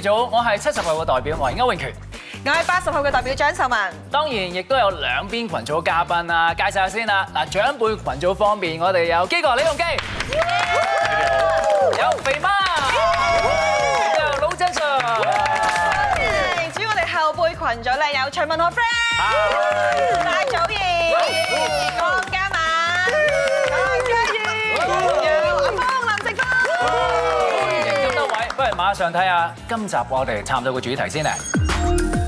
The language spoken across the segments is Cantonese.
組，我係七十後嘅代表黃歐永權；我係八十後嘅代表張秀文。當然亦都有兩邊群組嘅嘉賓啊，介紹一下先啦。嗱，長輩群組方面，我哋有基哥李龍基，有肥媽，好有魯振順。至於我哋後輩群組咧，有卓文何 friend，大祖兒。馬上睇下今集我哋探討嘅主題先嚟。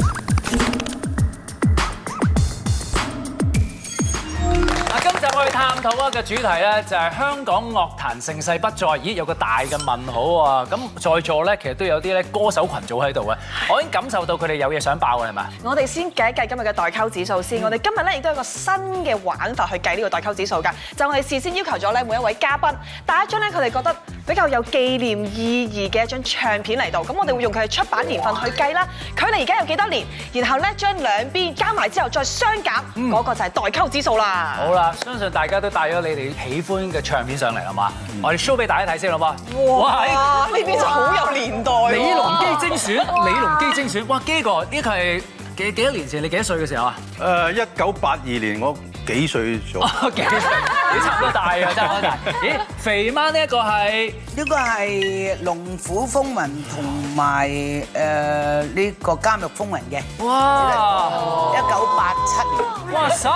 我哋探討一個主題咧就係香港樂壇盛世不再，咦有個大嘅問號喎！咁在座咧其實都有啲咧歌手群組喺度啊，我已經感受到佢哋有嘢想爆嘅係咪啊？我哋先計一計今日嘅代溝指數先。我哋今日咧亦都有個新嘅玩法去計呢個代溝指數㗎。就我哋事先要求咗咧，每一位嘉賓帶一張咧佢哋覺得比較有紀念意義嘅一張唱片嚟到。咁我哋會用佢嘅出版年份去計啦。佢哋而家有幾多年？然後咧將兩邊加埋之後再相減，嗰個就係代溝指數啦。好啦，相信。大家都帶咗你哋喜歡嘅唱片上嚟係嘛？好，嗯、我哋 show 俾大家睇先啦嘛！哇，呢啲真係好有年代啊。李龍基精選，李龍基精選。哇，基哥，呢、呢個係、呢個、幾幾多年前你幾多歲嘅時候啊？誒、uh，一九八二年我幾歲咗？ 幾歲了？ 你差唔多大啊，真係好大！咦，肥媽呢一個係，呢個係《龍虎風雲》同埋誒呢個《監獄風雲》嘅，哇！一九八七年，哇曬！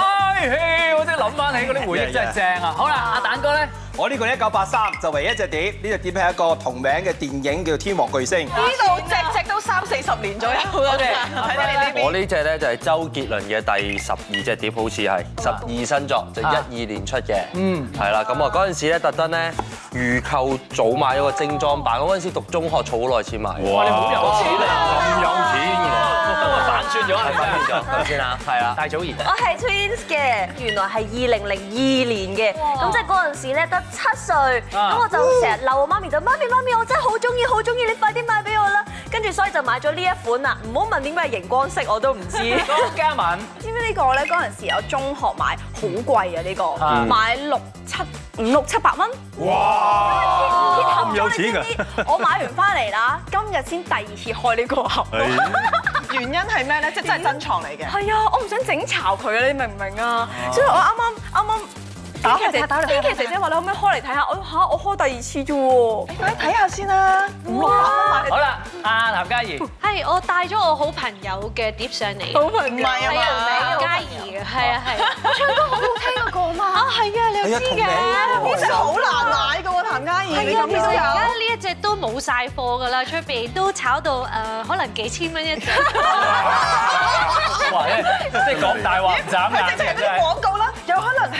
我真係諗翻起嗰啲回憶真係正啊！好啦，阿蛋哥咧，我呢個一九八三，就唯一隻碟，呢隻碟係一個同名嘅電影叫做《天王巨星》。呢度隻隻都三四十年左右啦，喺你呢邊。我呢隻咧就係周杰倫嘅第十二隻碟，好似係十二新作，就一二年出嘅。嗯，係啦，咁啊嗰陣時咧，特登咧預購早買咗個精裝版，我嗰陣時讀中學，儲好耐錢買，啊。哇！你好有錢嚟啊，咁有錢嘅，都話反轉咗啊，係咪先啊？係啊，大祖兒。我係 Twins 嘅，原來係二零零二年嘅，咁即係嗰陣時咧得七歲，咁我就成日鬧我媽咪，就媽咪媽咪，我真係好中意，好中意，你快啲買俾我啦！跟住所以就買咗呢一款啦，唔好問點解係熒光色，我都唔知。g e 這個、呢個咧嗰陣時，我中學買好貴啊！呢、這個很貴、嗯、買六七五六七百蚊。哇！合有錢㗎！我買完翻嚟啦，今日先第二次開呢個盒。是 原因係咩咧？即係真係珍藏嚟嘅。係啊，我唔想整巢佢啊！你明唔明啊？所以我啱啱啱啱。剛剛琪琪姐姐打嚟。姐姐話：你可唔可以開嚟睇下？我嚇、啊，我開第二次啫喎、啊。你睇下先啦。哇！好啦，阿譚嘉儀。係，我帶咗我好朋友嘅碟上嚟、哦啊。好朋友唔係啊嘉怡嘅係啊係。我唱歌好好聽個歌嘛。 啊係啊,啊,啊，你又知嘅。呢隻好難買㗎喎，譚嘉儀。係，啊！嘢都有。而家呢一隻都冇晒貨㗎啦，出邊都炒到誒、呃，可能幾千蚊一隻。即係講大話，唔眨眼。啲廣告。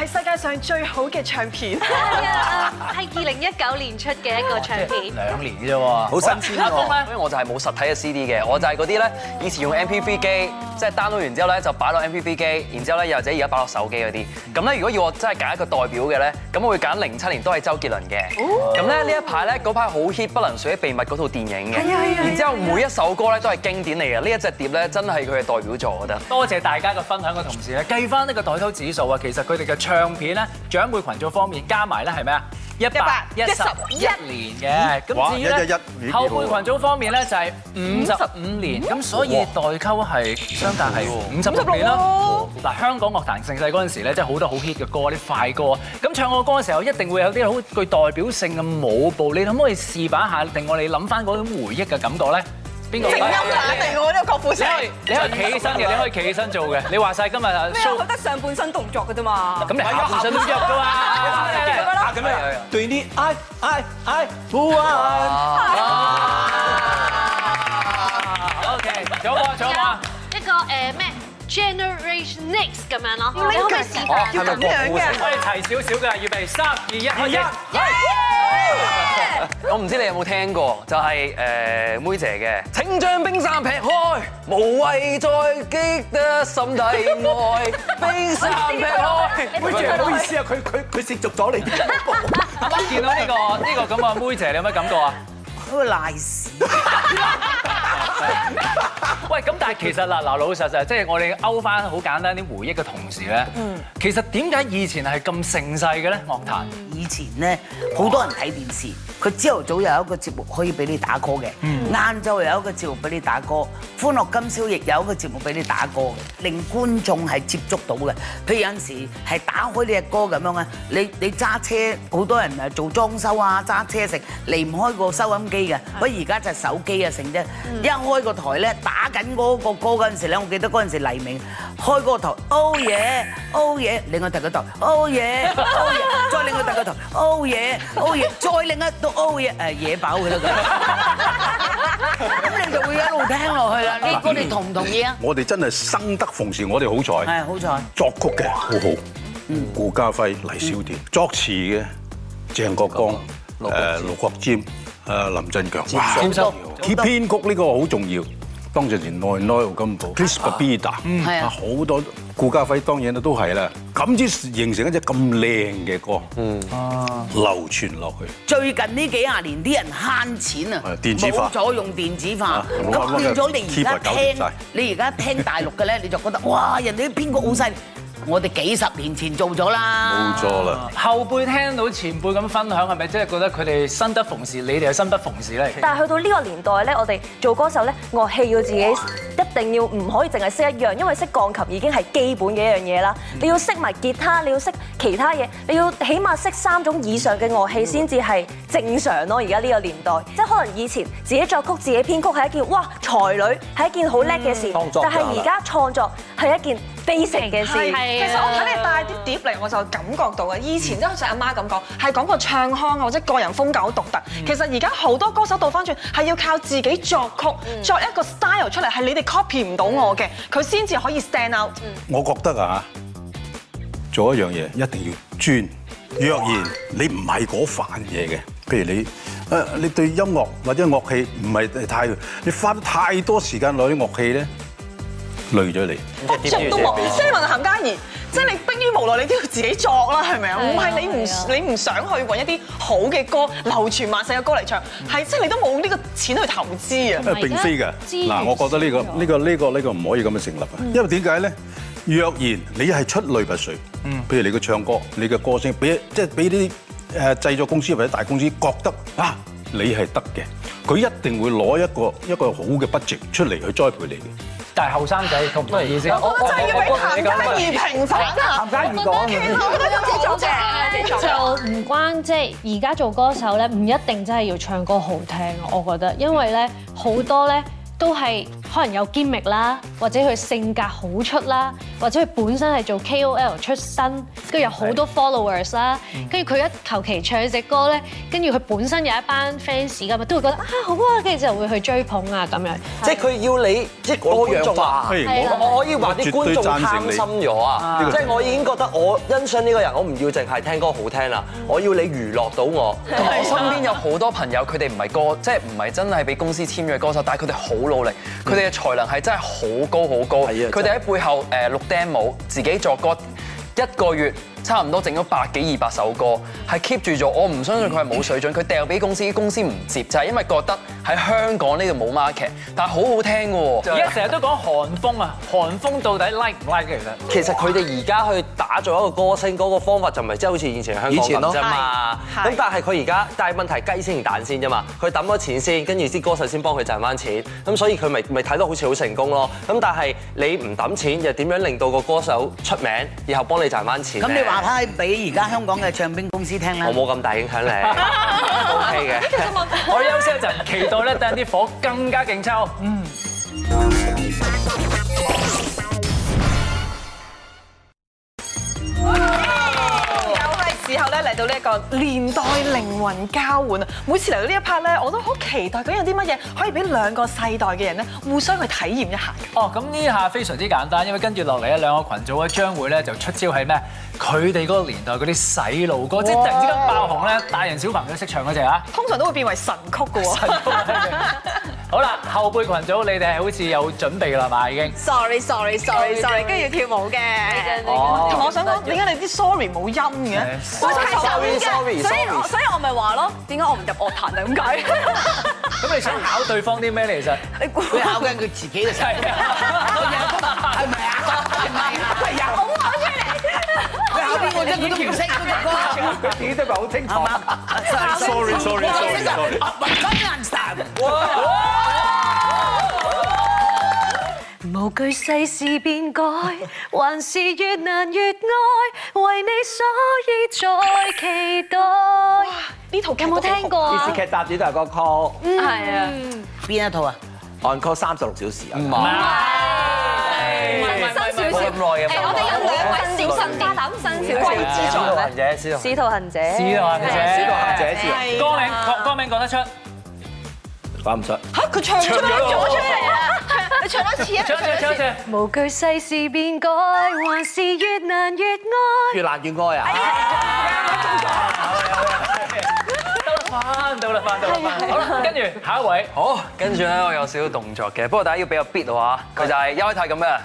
係世界上最好嘅唱片，係二零一九年出嘅一個唱片，即係兩年啫喎，好新鮮喎。所以我就係冇實體嘅 CD 嘅，我就係嗰啲咧，以前用 MP3 機，即係 download 完之後咧就擺落 MP3 機，然之後咧又或者而家擺落手機嗰啲。咁咧如果要我真係揀一個代表嘅咧，咁我會揀零七年都係周杰倫嘅。咁咧呢一排咧嗰排好 hit 不能説的秘密嗰套電影嘅，然之後每一首歌咧都係經典嚟嘅，呢一隻碟咧真係佢嘅代表作，我覺得。多謝大家嘅分享嘅同時咧，計翻呢個代溝指數啊，其實佢哋嘅唱片咧，長輩群組方面加埋咧係咩啊？一百一十一年嘅，咁至於咧後輩群組方面咧就係五十五年，咁、哦、所以代溝係相差係五十幾咯。嗱、哦，香港樂壇盛世嗰陣時咧，真係好多好 hit 嘅歌，啲快歌。咁唱個歌嘅時候一定會有啲好具代表性嘅舞步。你可唔可以示範一下，令我哋諗翻嗰種回憶嘅感覺咧？勁音帶定㗎，我呢個郭富城。你可以企起身嘅，你可以企起身做嘅。你話晒今日啊，我覺得上半身動作㗎啫嘛。咁你下半身唔想郁㗎嘛？咁啊，咁 啊,啊,啊,啊,啊,啊,啊,啊，對你愛愛愛不完 OK，好個好啊！啊 okay, 一個誒咩 Generation Next 咁樣咯。要拎好咩視頻？要揼胡信可以提少少嘅，準備三、二、一！r 一！一、二、我唔知你有冇聽過，就係、是、誒、呃，妹姐嘅，請將冰山劈開，無謂再激得心底愛，冰山劈開，妹姐唔好意思啊，佢佢佢接續咗你嘅一步，係咪？見到呢個呢個咁啊，妹姐你有咩感覺啊？ 會、那個、賴屎！ 喂，咁但係其實嗱嗱老實實，即係我哋勾翻好簡單啲回憶嘅同時咧，嗯，其實點解以前係咁盛世嘅咧樂壇？以前咧好多人睇電視，佢朝頭早又有一個節目可以俾你打歌嘅，晏晝又有一個節目俾你打歌，歡樂今宵亦有一個節目俾你打歌，令觀眾係接觸到嘅。譬如有陣時係打開呢隻歌咁樣啊，你你揸車好多人誒做裝修啊揸車食，離唔開個收音機。不而家就手機啊成啫，一開個台咧打緊嗰個歌嗰陣時咧，我記得嗰陣時黎明開嗰個台，Oh yeah，Oh yeah，令我擲個頭，Oh yeah，Oh yeah，再令我擲個頭，Oh yeah，Oh yeah，再擲到 Oh yeah，誒、oh yeah, oh yeah, oh yeah, 野飽佢啦咁，咁你就會一路聽落去啦。去你我哋同唔同意啊？我哋真係生得逢時我，我哋好彩。係好彩。作曲嘅好好，顧嘉煇黎小田、嗯、作詞嘅鄭國光誒盧國沾,六國誒林振強哇，編曲呢個好重要，當陣時奈奈金寶、Chris Bida，嗯，好多顧嘉輝當然都都係啦，咁先形成一隻咁靚嘅歌，嗯，流傳落去。最近呢幾廿年啲人慳錢啊，冇咗用電子化，咁變咗你而家聽，你而家聽大陸嘅咧，你就覺得哇，人哋啲編曲好細。我哋幾十年前做咗啦，冇錯啦。後輩聽到前輩咁分享，係咪真係覺得佢哋生得逢時？你哋係生不逢時咧？但係去到呢個年代咧，我哋做歌手咧，樂器要自己一定要唔可以淨係識一樣，因為識鋼琴已經係基本嘅一樣嘢啦。嗯、你要識埋吉他，你要識其他嘢，你要起碼識三種以上嘅樂器先至係正常咯。而家呢個年代，即係可能以前自己作曲、自己編曲係一件哇才女，係一件好叻嘅事，但係而家創作係一件 basic 嘅事，啊、其實我睇你帶啲碟嚟，我就感覺到啊！以前好似阿媽咁講，係講個唱腔啊，或者個人風格好獨特。嗯、其實而家好多歌手倒翻轉，係要靠自己作曲，嗯、作一個 style 出嚟，係你哋 copy 唔到我嘅，佢先至可以 stand out。嗯嗯，我覺得啊，做一樣嘢一定要專。若然你唔係嗰範嘢嘅，譬如你誒，你對音樂或者樂器唔係太，你花太多時間攞啲樂器咧。累咗你，budget 都冇。即係問陳嘉怡，即係你逼於無奈，你都要自己作啦，係咪啊？唔、哎、係你唔你唔想去揾一啲好嘅歌，流傳萬世嘅歌嚟唱，係即係你都冇呢個錢去投資啊、嗯？並非嘅。嗱，我覺得呢、呢個呢、呢個呢、呢個呢、呢個唔可以咁樣成立啊、嗯。因為點解咧？若然你係出類拔萃、嗯，譬如你嘅唱歌，你嘅歌聲，俾即係俾啲誒製作公司或者大公司覺得啊，你係得嘅，佢一定會攞一個一個好嘅 budget 出嚟去栽培你嘅。但係後生仔，我覺得要畀譚嘉儀平反啊！我覺得有啲做嘅就唔關即係而家做歌手咧，唔一定真係要唱歌好聽，我覺得，因為咧好多咧都係。可能有堅力啦，或者佢性格好出啦，或者佢本身係做 KOL 出身，跟住有好多 followers 啦，跟住佢一求其唱隻歌咧，跟住佢本身有一班 fans 咁啊，都會覺得啊好啊，跟住就會去追捧啊咁樣。即係佢要你多樣化，我說我,說我,我可以話啲觀眾貪心咗啊，即、這、係、個、我已經覺得我欣賞呢個人，我唔要淨係聽歌好聽啦，嗯、我要你娛樂到我。我身邊有好多朋友，佢哋唔係歌， 即係唔係真係俾公司簽約歌手，但係佢哋好努力，佢哋嘅才能係真係好高好高，佢哋喺背後誒錄 demo，自己作歌一個月。差唔多整咗百幾二百首歌，係 keep 住咗。我唔相信佢係冇水準，佢掉俾公司，公司唔接就係因為覺得喺香港呢度冇 market。但係好好聽喎。而家成日都講韓風啊，韓風到底 like 唔 like？其實其實佢哋而家去打造一個歌星嗰個方法就唔係即係好似以前香港咁啫嘛。咁但係佢而家，但係問題雞先定蛋先啫嘛。佢揼咗錢先，跟住啲歌手先幫佢賺翻錢。咁所以佢咪咪睇到好似好成功咯。咁但係你唔揼錢，又點樣令到個歌手出名，然後幫你賺翻錢？話嗨俾而家香港嘅唱兵唱片公司聽咧，我冇咁大影響力，OK 嘅。我休息一陣，期待咧等啲火更加勁抽。嗯。好，係時候咧。呢一個年代靈魂交換啊！每次嚟到呢一 part 咧，我都好期待咁有啲乜嘢可以俾兩個世代嘅人咧互相去體驗一下。哦，咁呢下非常之簡單，因為跟住落嚟咧兩個群組咧將會咧就出招係咩？佢哋嗰個年代嗰啲洗腦歌，即係突然之間爆紅咧，大人小朋友都識唱嗰隻啊！通常都會變為神曲噶喎。神曲的 好啦，後輩群組，你哋係好似有準備啦嘛已經？Sorry，Sorry，Sorry，Sorry，跟住要跳舞嘅。同、哦哦、我想講，點、嗯、解你啲 Sorry 冇音嘅？Sorry, sorry, sorry, sorry sorry sorry sorry，所以我咪話咯，點解我唔入樂壇啊？點解？咁你想考對方啲咩嚟？其實你會考緊佢自己嘅 style，係咪啊？唔係，佢又講我出嚟。你考啲我真係都唔識嗰隻歌，佢自己都唔係好清楚。Sorry sorry sorry sorry，我唔 understand。無懼世事變改，還是越難越愛，為你所以在期待。呢套劇有冇聽過？電視劇集都係個 call。嗯，係啊。邊一套啊？On call 三十六小時啊？唔、哎、係。新、嗯嗯、小新咁耐我哋有兩位小生、大、嗯、膽、新小之助咧。使、嗯、徒行者，使徒行者，使、啊、徒行者，使、啊、徒行者。歌、啊啊啊啊、名歌、嗯啊、名講得出。講唔出。嚇、啊，佢唱出咩組出嚟啊？啊唱一次，唱一次，無懼世事變改，還是越難越愛。越難越愛、 yeah、啊！得啦，翻，得啦，翻，得啦，翻、嗯嗯。好，跟住下一位。好，嗯、跟住咧，我有少少動作嘅，不過大家要俾個 beat 嘅話，佢就係邱禮泰，咁、哎、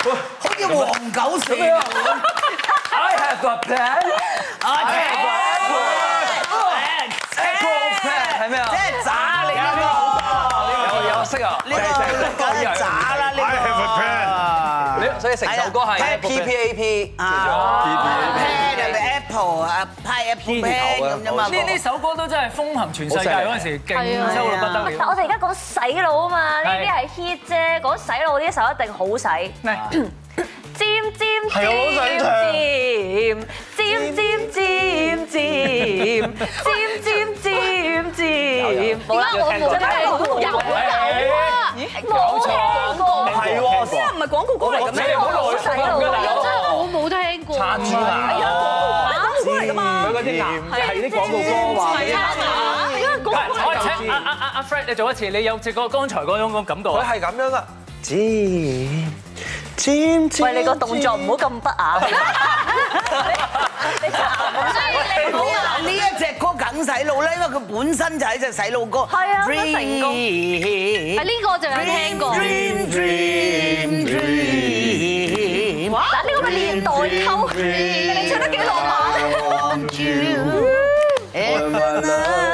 嘅。哇！好似黃狗咁樣 什麼、 Okay。I have a plan。I have 咩啊？即係渣，你呢個我識啊！呢個梗係渣啦，呢個，所以成首歌係 P P A P 啊，P Apple 啊，Pie P P 咁樣嘛。呢呢首歌都真係風行全世界嗰陣時，勁收得不得了。但係我哋而家講洗腦啊嘛，呢啲係 hit 啫。講洗腦呢首一定好洗。尖尖尖尖尖尖尖尖尖漸漸漸漸，好啦，我冇聽過，有冇啊？冇錯喎，係喎，真係唔係廣告歌嚟嘅咩？真係我冇聽過，插住下啊！廣告嚟噶嘛？係啲廣告歌話啊嘛 l-、哦？啊！廣告嚟就知。阿阿阿阿 Fred，你做一次，你有即個剛才嗰種咁感覺？佢係咁樣噶。漸喂、哎，你個動作唔好咁不雅、啊。所以你唔好啊。呢一隻歌梗洗腦啦，因為佢本身就係一隻洗腦歌。係啊，咁成功。呢、這個就有聽過。d 呢個咪年代溝，你唱得幾浪漫。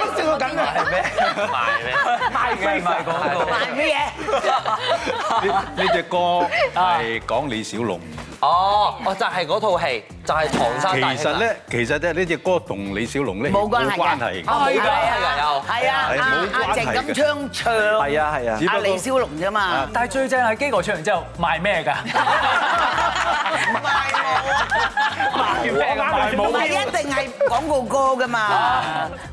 呢個梗係咩賣咧？賣嘅賣個賣咩嘢？呢呢隻歌係講李小龍。哦，哦就係嗰套戲，就係《唐山大兄》。其實咧，其實咧呢隻歌同李小龍咧冇關係。啊係㗎，係㗎，有。係啊。係冇關係嘅。阿阿靜咁唱唱。係啊係啊。阿李小龍啫嘛。但係最正係基哥唱完之後賣咩㗎？賣嘅。賣嘅。唔係一定係廣告歌㗎嘛？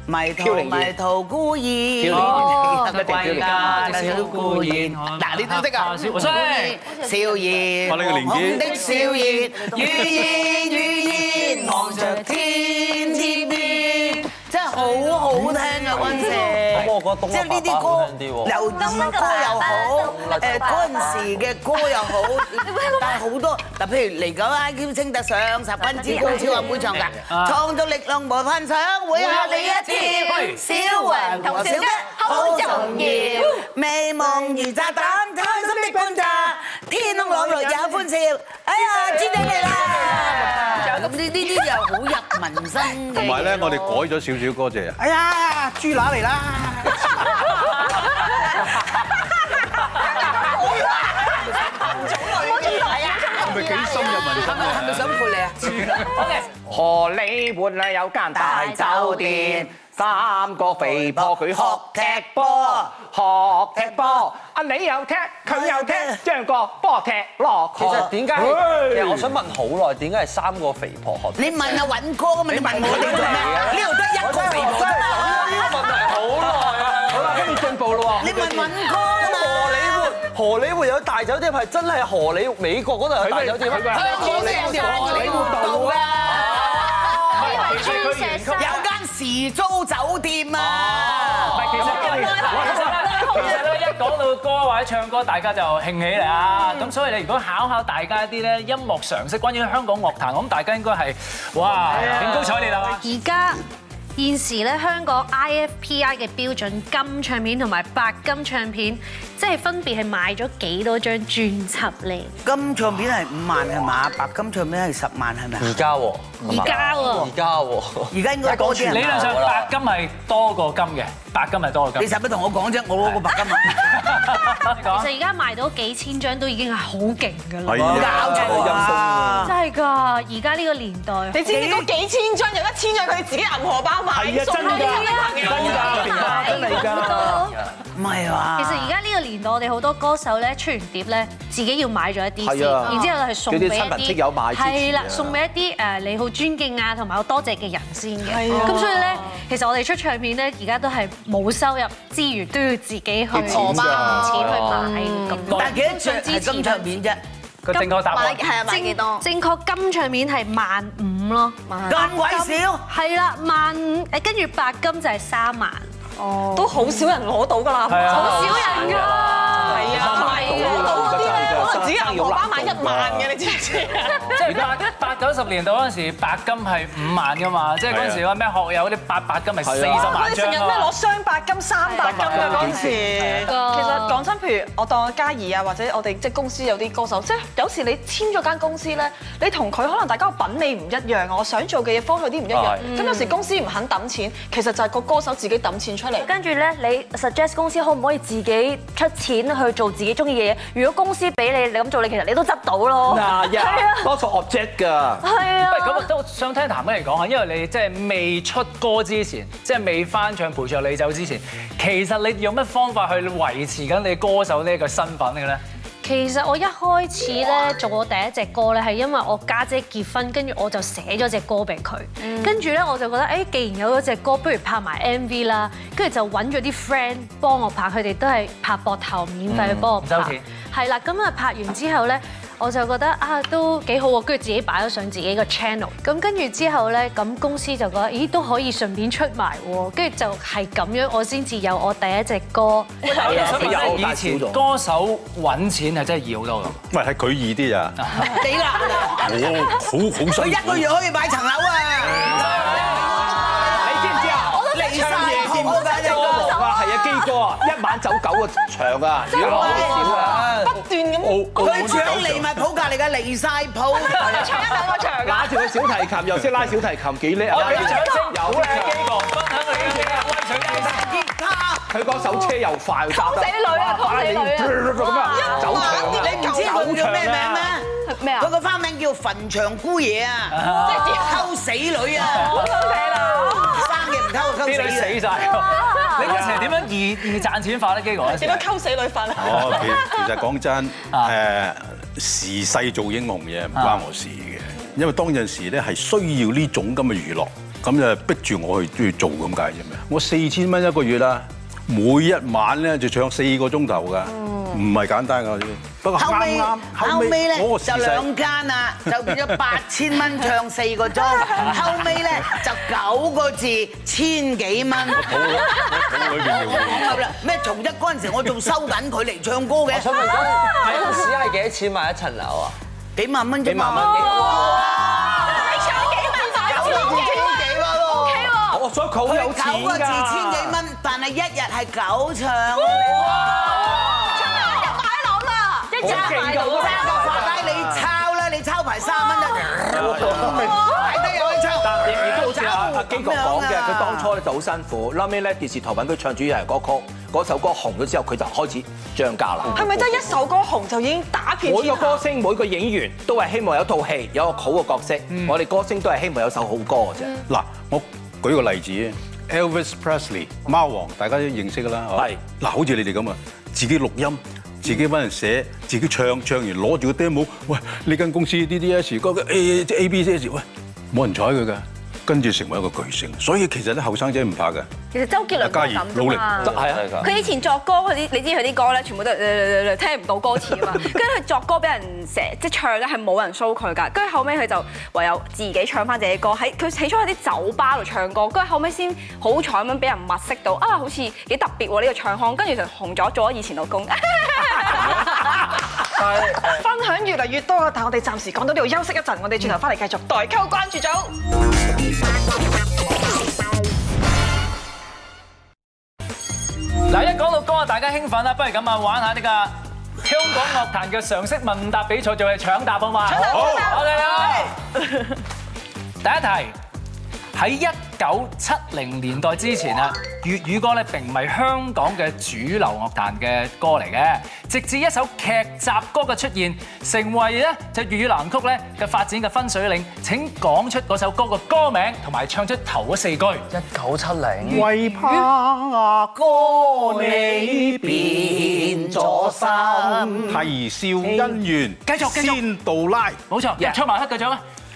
迷途迷途孤兒。哦。得貴價。迷途孤兒。嗱，你都識啊？少衰。少兒。我呢個年紀。雨煙雨煙，望着天，天天邊，真係好好聽啊，溫社。即係呢啲歌，由兒歌又好，誒嗰陣時嘅歌又好，但係好多，但係譬如嚟講《I Q 稱得上十分之高超》啊，會唱㗎，創造力量同幻想，會嚇你一跳，小雲同小吉好重要，美夢如炸彈，開心的歡笑，天空朗日有歡笑，哎呀，豬乸嚟啦！咁呢呢啲又好入民心嘅，同埋咧，我哋改咗少少歌謝啊，哎呀，豬乸嚟啦！好 啊！好啊！係咪幾深入啊？你真係深入嚟啊！是 荷里活啊，有間大酒店，三個肥婆佢學踢波，學踢波啊，你又踢佢又踢，將個波踢落，其實點解？其實我想問好耐，點解係三個肥婆學踢？你問阿允哥啊嘛？你問我哋做咩？呢度得一個肥婆，真係咁呢個問題 好耐啊！好啦，跟住進步啦喎！你問允哥啊？荷里活，荷里活有大酒店係真係荷里，美國嗰度有大酒店啊？荷里有唔係荷里活道啦！有間時租酒店啊、哦！唔係，其實呢，其實呢 一講到歌或者唱歌，大家就興起啦。咁所以你如果考考大家一啲咧音樂常識，關於香港樂壇，我諗大家應該係哇是、啊、興高采你啦。而家現時咧香港 IFPI 嘅標準金唱片同埋白金唱片。即係分別係買咗幾多張專輯咧？金唱片係五萬係嘛？白金唱片係十萬係咪？而家喎，而家喎，而家而家應該係講啲理論上白金係多過金嘅，白金係多過金。你使乜同我講啫？我攞個白金啊！講。其實而家賣到幾千張都已經係好勁㗎啦。係冇搞錯啊！真係㗎，而家呢個年代多，你知唔知嗰幾千張有一千張佢自己銀荷包買真真㗎，真㗎、啊、真唔係話。其實而家呢個年。我哋好多歌手咧出完碟咧，自己要買咗一啲先。然之後係送俾一啲親朋戚友買，係啦，送俾一啲誒你好尊敬啊同埋好多謝嘅人先嘅。咁所以咧，其實我哋出唱片咧，而家都係冇收入之餘都要自己去籌錢,錢,錢去買，咁多但幾多資資金,是金唱片啫？個正確答案係啊，幾多正？正確金唱片係萬五咯，咁鬼少係啦，萬五誒跟住白金就係三萬。哦，都好少人攞到㗎啦，好少人㗎，係啊，啲啊。我只有荷包買一萬嘅，啊，你知唔知啊？即係八九十年代嗰陣時候，白金係五萬㗎嘛。即係嗰陣時咩？咩學友嗰啲八白金咪四十萬張。佢哋成日咩攞雙白金、三白金㗎嗰陣時。其實講真，譬如我當阿嘉怡啊，或者我哋即係公司有啲歌手，即係有時你簽咗間公司咧，你同佢可能大家嘅品味唔一樣啊，我想做嘅嘢方向啲唔一樣。咁有時公司唔肯抌錢，其實就係個歌手自己抌錢出嚟。跟住咧，你 suggest 公司可唔可以自己出錢去做自己中意嘅嘢？如果公司俾你。你咁做，你其實你都執到咯。嗱，呀， 多數 object 㗎。係啊。咁我都想聽譚偉人講下，因為你即係未出歌之前，即係未翻唱陪著你走之前，其實你用乜方法去維持緊你歌手呢一個身份嘅咧？其實我一開始咧做我第一隻歌咧，係因為我家姐結婚，跟住我就寫咗隻歌俾佢。跟住咧我就覺得，誒，既然有咗隻歌，不如拍埋 MV 啦。跟住就揾咗啲 friend 幫我拍，佢哋都係拍膊頭，免費幫我拍。嗯係啦，咁啊拍完之後咧，我就覺得啊都幾好喎，跟住自己擺咗上自己嘅 channel。咁跟住之後咧，咁公司就覺得咦都可以順便出埋喎，跟住就係咁樣，我先至有我第一隻歌。係以前歌手揾錢係真係易好 多㗎辣，唔係係佢易啲啊。你啦，我好好衰。佢一個月可以買層樓啊！ 你知唔知啊？你、哎、唱嘢點解？ 基哥啊，一晚走九個場啊，不斷咁。佢唱離咪鋪隔離嘅離曬譜，唱一兩個場。攞住個小提琴又識拉小提琴，幾叻啊！有叻基哥，分享佢啲嘢。我唱啲吉他。佢講手車又快，溝死女啊！溝死女啊！一晚，你唔知佢叫咩名咩？咩啊？佢個花名叫墳場姑爺啊！即係溝死女啊！死女死晒！你嗰時係點樣易易賺錢法咧？基哥，點樣溝死女法啊？其實其實講真、啊啊，時勢做英雄嘢唔關我事嘅、啊，因為當陣時咧係需要呢種咁嘅娛樂，咁就逼住我去去做咁解啫咩？我四千蚊一個月啦，每一晚咧就唱四個鐘頭㗎。嗯唔係簡單㗎，先不過後尾後尾咧就兩間啦，就變咗八千蚊唱四個鐘。後尾咧就九個字千幾蚊。冇啦，咁又變咗。我講夠啦。咩？從一嗰陣時，我仲收緊佢嚟唱歌嘅。收佢。嗰時係幾多錢買一層樓啊？幾萬蚊一層。幾萬蚊幾多？哇！你唱幾萬塊？唱千幾蚊喎。O K 喎。我所講係九個字千幾蚊，但係一日係九場。好勁，你抄啦！你抄牌三蚊啊！啊哦、啊啊啊他好，我咪低又可以唱。而家好似阿基哥講嘅，佢當初咧就好辛苦。後尾咧電視台揾佢唱主題曲歌曲，嗰首歌紅咗之後，佢就開始漲價啦。係咪真係一首歌紅就已經打遍？每個歌星，每個演員都係希望有套戲，有一個好嘅角色。嗯、我哋歌星都係希望有首好歌嘅啫。嗱、嗯，我舉個例子，Elvis Presley，貓王，大家都認識噶啦，係。嗱，好似你哋咁啊，自己錄音。自己揾人寫，自己唱，唱完攞住個 demo，喂，你間公司 D D S，嗰個 A, A A B C S，喂冇人睬佢㗎。跟住成為一個巨星，所以其實啲後生仔唔怕嘅。其實周杰倫加努力，得係啊！佢以前作歌嗰啲，你知佢啲歌咧，全部都誒聽唔到歌詞啊嘛。跟住佢作歌俾人成即係唱咧，係冇人收佢㗎。跟住後尾，佢就唯有自己唱翻自己歌。喺佢起初喺啲酒吧度唱歌，跟住後尾先好彩咁樣俾人物色到啊，好似幾特別喎呢、呢個唱腔。跟住就紅咗，做咗以前老公。 係分享越嚟越多，但我哋暫時講到呢度休息一陣，我哋轉頭翻嚟繼續代溝關注組。嗱，一講到歌啊，大家興奮啦，不如咁啊，玩下呢個香港樂壇嘅常識問答比賽，就係搶答啊嘛。好，我哋嚟，第一題。喺一九七零年代之前啊，粵語歌咧並唔係香港嘅主流樂壇嘅歌嚟嘅，直至一首劇集歌嘅出現，成為咧就粵語藍曲咧嘅發展嘅分水嶺。請講出嗰首歌嘅歌名同埋唱出頭嗰四句。一九七零，為怕啊，哥你變咗心，啼笑因緣，繼續繼續，仙杜拉，冇錯，一唱埋黑嘅獎啊！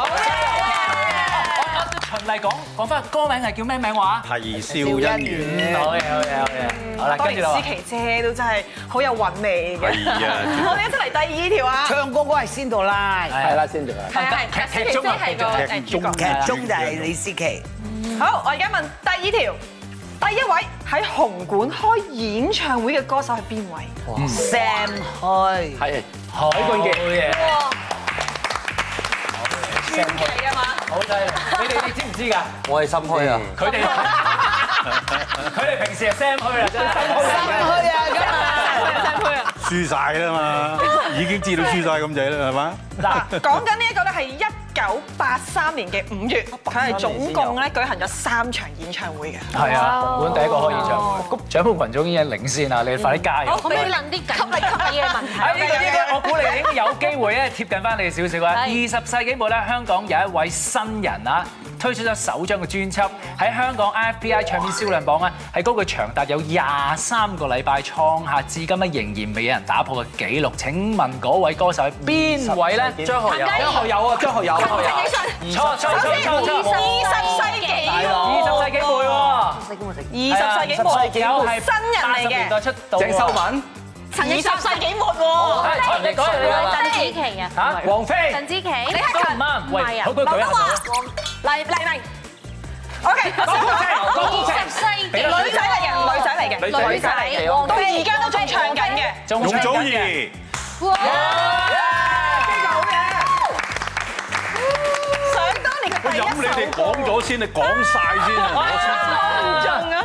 好,我我循例講,講返個歌名係叫咩名話?係笑姻緣。好啦,當然李思琪姐都真係好有韻味嘅。我哋一出嚟第二條啊,唱歌嗰個係仙度拉。係啦,仙度拉。係,劇中啊,劇中就係李思琪。好,我而家問第二條,第一位喺紅館開演唱會嘅歌手係邊位 ?Sam Hui, 係許冠傑。犀利啊嘛，好犀利！你哋你知唔知噶？我係心虛啊！佢哋，佢哋平時係聲虛啊，真係聲虛啊，咁啊，聲虛啊，輸曬啊嘛，已經知道輸曬咁滯啦，係嘛？嗱，講緊呢一個咧係一。九八三年嘅五月，佢係總共咧舉行咗三場演唱會嘅。係、哦、啊，本港第一個開演唱會，掌門羣眾已經領先啊。你快啲加人。我俾你諗啲吸引吸嘅問題。呢個呢個，我估你已經有機會咧貼近翻你少少啊。二十世紀末咧，香港有一位新人啊。推出咗首張嘅專輯喺香港 IFPI 唱片銷量榜咧，喺嗰個長達有廿三個禮拜創下至今咧仍然未有人打破嘅紀錄。請問嗰位歌手係邊位咧？張學友，張學友啊，張學友，二十世紀，二十世紀末，二、哦、十世紀末，二、哦、十世紀末，新人嚟嘅，鄭秀文，二十世紀末喎，王菲，鄧紫王菲，鄧紫棋，你阿陳唔啱，喂，好過嚟嚟嚟，OK，講埋，二十四，女仔嚟嘅，女仔嚟嘅，女仔嚟嘅，到而家都仲唱緊嘅。容祖兒，哇！想當年嘅第一首。我飲你哋講咗先啊，講晒先啊。好重啊！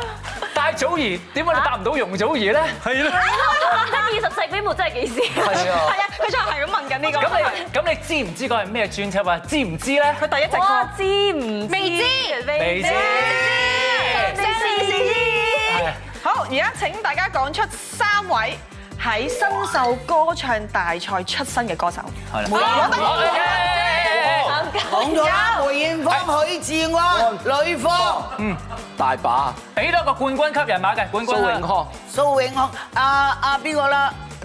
但係祖兒，點解你答唔到容祖兒咧？係啦。二十四飛沫真係幾時？佢真係咁問緊、這、呢個，咁你咁你,你知唔知嗰係咩專輯啊？知唔知咧？佢第一隻歌，我知唔未知，未知，未知，未知。未知未知未知未知好，而家請大家講出三位喺新秀歌唱大賽出身嘅歌手。係啦，冇錯，講到梅艷芳、許志安、呂方，嗯，大把，俾多個冠軍級人馬嘅冠軍，蘇永康，蘇永康，阿阿邊個啦？啊啊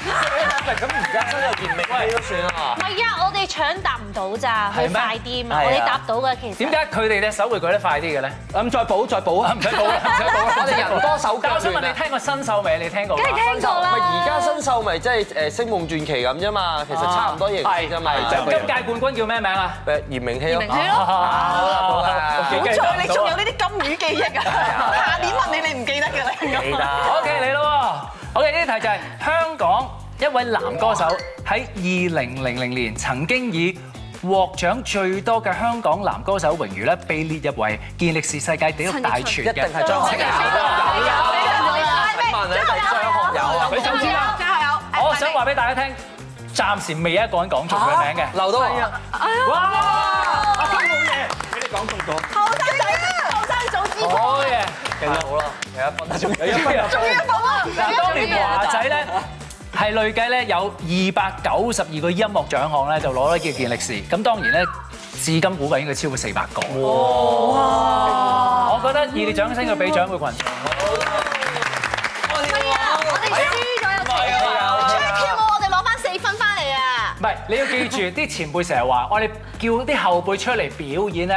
咁而家新秀嚴明希都算啦，唔係啊，我哋搶答唔到咋，佢快啲嘛，我哋答到嘅其實。點解佢哋隻手會舉得快啲嘅咧？咁再補再補啊，唔使補啦，唔使補啦，我哋人多手急。我想問你聽個新秀名，你聽過？梗係聽過啦。咪而家新秀咪即係誒星夢傳奇咁啫嘛，其實差唔多嘢嘅咪。今屆冠軍叫咩名啊？誒嚴明希咯。好彩你仲有呢啲金魚記憶啊！下年問你你唔記得嘅你。記得，OK 你咯喎。好嘅，呢啲題就係香港一位男歌手喺二零零零年曾經以獲獎最多嘅香港男歌手榮譽咧，被列入為健力士世界紀錄大全嘅。一定係張學友。有啊，係咪？張學友。佢手指翻。張學友。我想話俾大家聽，暫時未有一個人講錯名嘅。劉東。係啊。哇！阿東冇嘢，俾你講中咗。好。好、oh，嘢、yeah，記得好啦，第一分，仲有一分啊！仲有一分啊！分當年華仔咧，係累計咧有二百九十二個音樂獎項咧，就攞咗叫健力士。咁當然咧，至今估計應該超過四百個哇。哇！我覺得以你掌聲要俾長輩群。好，我哋輸咗一場，出跳舞我哋攞返四分返嚟啊！唔係，你要記住，啲 前輩成日話，我哋叫啲後輩出嚟表演咧。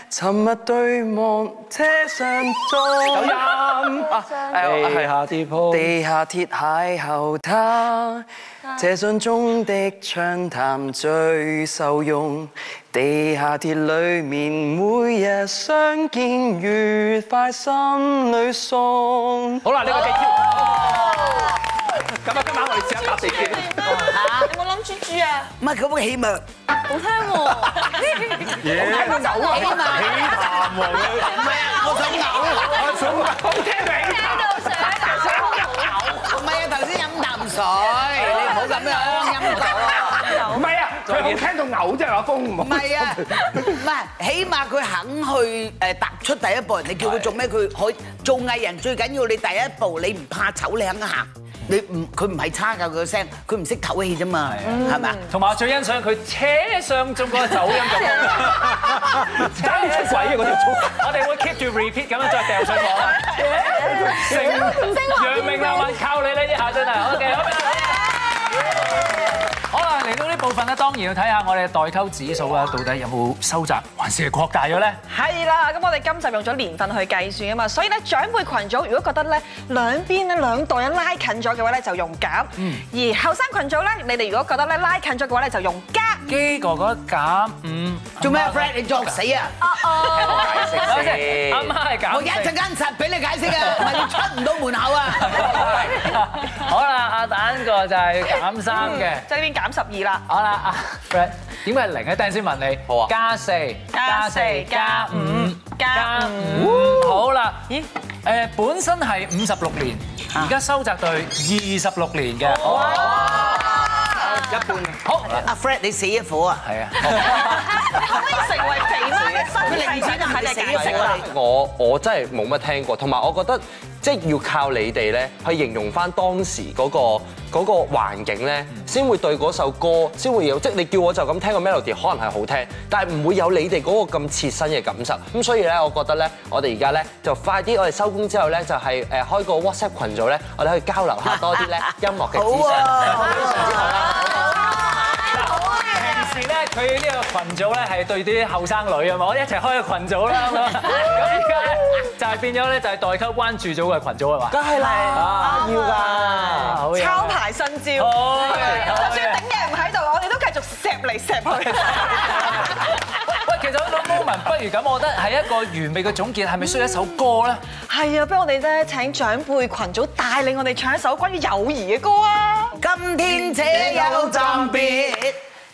沉默對望，車上中有音。車上地，地下鐵，地下鐵邂逅他。車上中的暢談最受用，地下鐵裡面每日相見愉快，心裏送。好啦，呢個地鐵，咁、哦、啊、嗯，今晚我哋試一下搭地鐵。唔係佢幫起碼，好聽喎。我想嘔，起碼唔係啊！我想嘔，我想好聽到嘔。唔係啊，頭先飲啖水，你唔好咁樣飲酒啊！唔係啊，佢好聽到嘔即係話，阿峯。唔係啊，唔係起碼佢肯去誒踏出第一步，你叫佢做咩佢可做藝人，最緊要你第一步，你唔怕醜你肯行。你唔佢唔係差㗎，佢個聲，佢唔識唞氣啫嘛，係咪啊？同、嗯、埋我最欣賞佢車廂中嗰個走音，真係出鬼啊！嗰條粗， 車上 我哋會 keep 住 repeat 咁樣再掟上網啦。楊 車上 明立靠你呢一下真係，OK，嚟到呢部分咧，當然要睇下我哋代溝指數啊，到底有冇收窄，還是係擴大咗咧？係啦，咁我哋今集用咗年份去計算啊嘛，所以咧長輩群組如果覺得咧兩邊咧兩代人拉近咗嘅話咧，就用減；而後生群組咧，你哋如果覺得咧拉近咗嘅話咧，就用加。基哥哥減五，做咩啊？Friend，你作死啊？解釋，阿媽係減。我一陣間實俾你解釋嘅，唔係出唔到門口啊！好啦，阿蛋個就係減三嘅，即係呢邊減十二。啦，好啦，阿 Fred，點解零一陣先問你？好啊，加四，加四，加五，加五，好啦，咦？誒，本身係五十六年，而家收集對二十六年嘅，哇，一半。好，阿 Fred，你死嘅苦啊？係啊，你可唔可以成為肥貓嘅收零錢啊？係咪解釋啊？我我真係冇乜聽過，同埋我覺得。即係要靠你哋咧，去形容翻當時嗰個嗰個環境咧，先會對嗰首歌先會有，即係你叫我就咁聽個 melody，可能係好聽，但係唔會有你哋嗰個咁切身嘅感受。咁所以咧，我覺得咧，我哋而家咧就快啲，我哋收工之後咧，就係誒開個 WhatsApp 羣組咧，我哋去交流下多啲咧音樂嘅知識。咧佢呢個羣組咧係對啲後生女啊嘛，我一齊開個羣組啦，咁而家咧，就係變咗咧就係代溝關注組嘅羣組啊嘛，梗係要啦，抄牌新招，就算頂嘅人唔喺度，我哋都繼續錫嚟錫去。喂，其實講風文不如咁，我覺得係一個完美嘅總結，係咪需要一首歌咧？係啊，不如我哋咧請長輩羣組帶領我哋唱一首關於友誼嘅歌啊！今天且有暫別。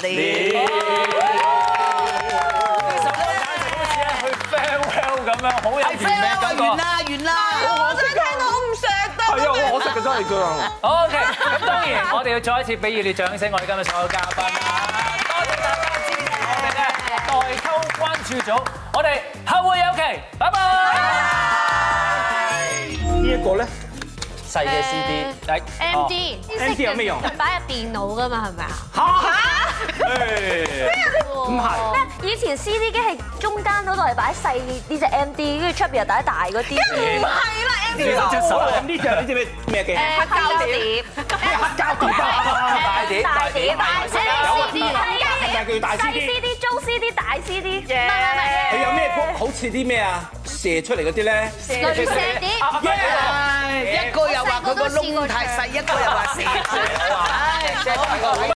了，啊、好似去 farewell 咁樣，好有權力㗎喎！完啦，完啦！完啦哎、我真、哎、聽到我我、哎，好唔捨得。係、哎、啊，我識嘅真係㗎。OK，咁當然我哋要再一次俾熱烈掌聲！我哋今日所有嘉賓、哎，多謝大家支持。嘅、哎哎，代溝關注組，我哋後會有期，拜拜。呢、哎哎哎哦、一個咧，細嘅 CD，嚟。MD，MD、oh, 有咩用？擺入電腦㗎嘛，係咪啊？咩啊？唔係咩？以前 CD 機係中間嗰度係擺細呢隻 MD，跟住出邊又擺大嗰啲。唔係啦，MD。住咗隻手喎，咁呢隻呢隻咩咩機？黑膠碟。黑膠碟啊！大碟，大碟，大聲啲。有啊，大 CD。大 CD，中 CD，大 CD。唔係唔係唔係。佢有咩曲？好似啲咩啊？射出嚟嗰啲咧？射碟。一個又話佢個窿太細，一個又話太細。哎，射住個。